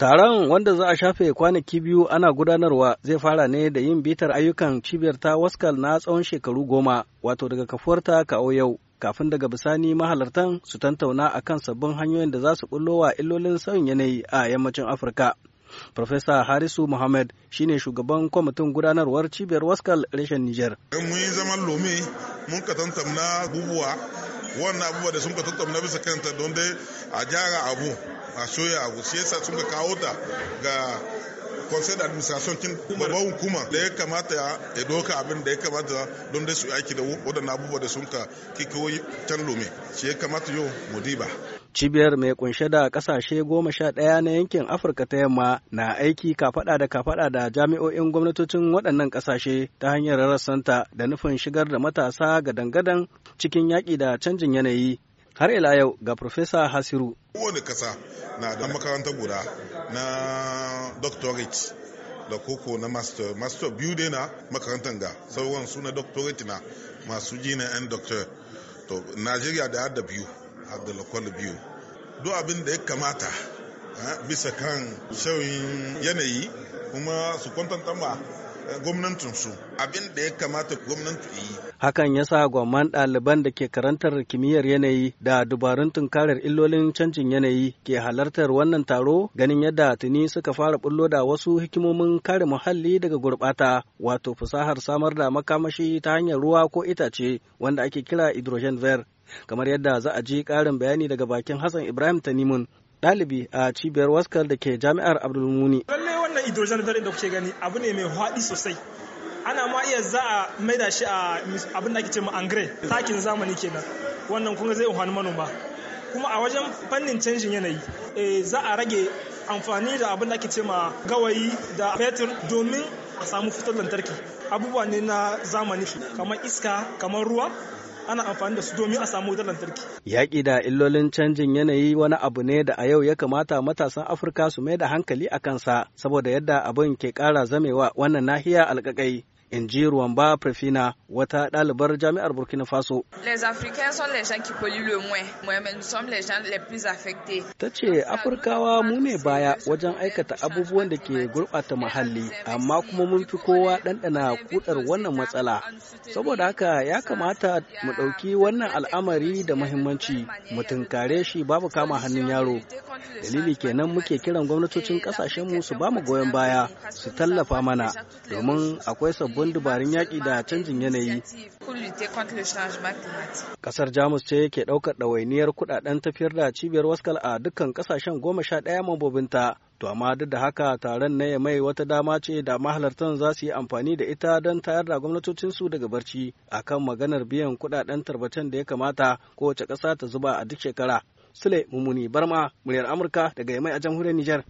Taron wanda za a shafe kwanaki biyu ana gudanarwa zai fara ne da yin bitar ayyukan cibiyar ta waskal na tsawon shekaru goma wato daga kafuwarta kawo yau kafin daga bisani mahalartan su tantauna akan sabbin hanyoyin da za su wa illolin sauyin yanayi a yammacin Afirka. Profesa Harisu Muhammad shine shugaban kwamitin gudanarwar cibiyar waskal reshen Nijar. Mun yi zaman lome mun ka tantamna abubuwa wannan abubuwa da sun ka tattauna bisa kanta don dai a gyara abu a soya abu shi yasa sun ka kawo ta ga conseil d'administration kin babban hukuma da ya kamata ya doka abin da ya kamata don dai su aiki da waɗannan abubuwa da sun ka kikoyi can lome shi ya kamata yau mu diba Cibiyar mai kunshe da kasashe goma sha ɗaya na yankin Afirka ta yamma na aiki kafaɗa da kafaɗa da jami'o'in gwamnatocin waɗannan kasashe ta hanyar rassanta da nufin shigar da matasa ga dangadan cikin yaƙi da canjin yanayi. Har ila yau ga Profesa Hasiru. Kowane kasa na da makaranta guda na doctorate da koko na master master biyu dai na makarantar ga sauran su na doctorate na masu jina yan doctor to najeriya da har da biyu har da lokal biyu duk abin da ya kamata bisa kan shauyin yanayi kuma su kwantanta ma gwamnatinsu abin da ya kamata gwamnati yi. Hakan ya sa gwamman ɗaliban da ke karantar kimiyyar yanayi da dubarun tunkarar illolin canjin yanayi ke halartar wannan taro ganin yadda tuni suka fara bullo da wasu hikimomin kare muhalli daga gurbata, wato fasahar samar da makamashi ta hanyar ruwa ko itace wanda ake kira hydrogen ver kamar yadda za a ji ƙarin bayani daga bakin Hassan Ibrahim Tanimun ɗalibi a cibiyar waskar da ke jami'ar Abdulmuni. wannan hydrogen flaring da kuke gani abu ne mai haɗi sosai ana ma iya za a maida shi a abin da ake ce ma angre takin zamani kenan wannan kuma zai wani manoma kuma a wajen fannin canjin yanayi eh, za a rage amfani da abin da ake ce ma gawayi da fetur domin a samu fitar lantarki abubuwa ne na zamani kamar iska kamar ruwa ana amfani da su domin a samu wutar lantarki. Yaƙi da illolin canjin yanayi wani abu ne da a yau ya kamata matasan Afirka su mai da hankali a kansa saboda yadda abin ke ƙara zamewa wannan nahiya alƙaƙai. in ji Ruwamba Prefina wata ɗalibar jami'ar Burkina Faso. Ta ce Afirkawa mu ne baya wajen aikata abubuwan da ke gurɓata muhalli amma kuma mun fi kowa ɗanɗana kuɗar wannan matsala. Saboda haka ya kamata mu ɗauki wannan al'amari da mahimmanci mu tunkare shi babu kama hannun yaro. Dalili kenan muke kiran gwamnatocin ƙasashenmu su ba mu goyon baya su tallafa mana domin akwai sabbin sabbin dabarun yaƙi da canjin yanayi. Kasar Jamus ce ke ɗaukar ɗawainiyar kuɗaɗen tafiyar da cibiyar waskal a dukkan kasashen goma sha ɗaya mambobinta. To amma duk da haka taron na mai wata dama ce da mahalartan za su yi amfani da ita don tayar da gwamnatocinsu daga barci a kan maganar biyan kuɗaɗen tarbacen da ya kamata kowace ƙasa ta zuba a duk shekara. Sule Mumuni Barma, muryar Amurka daga mai a jamhuriyar Nijar.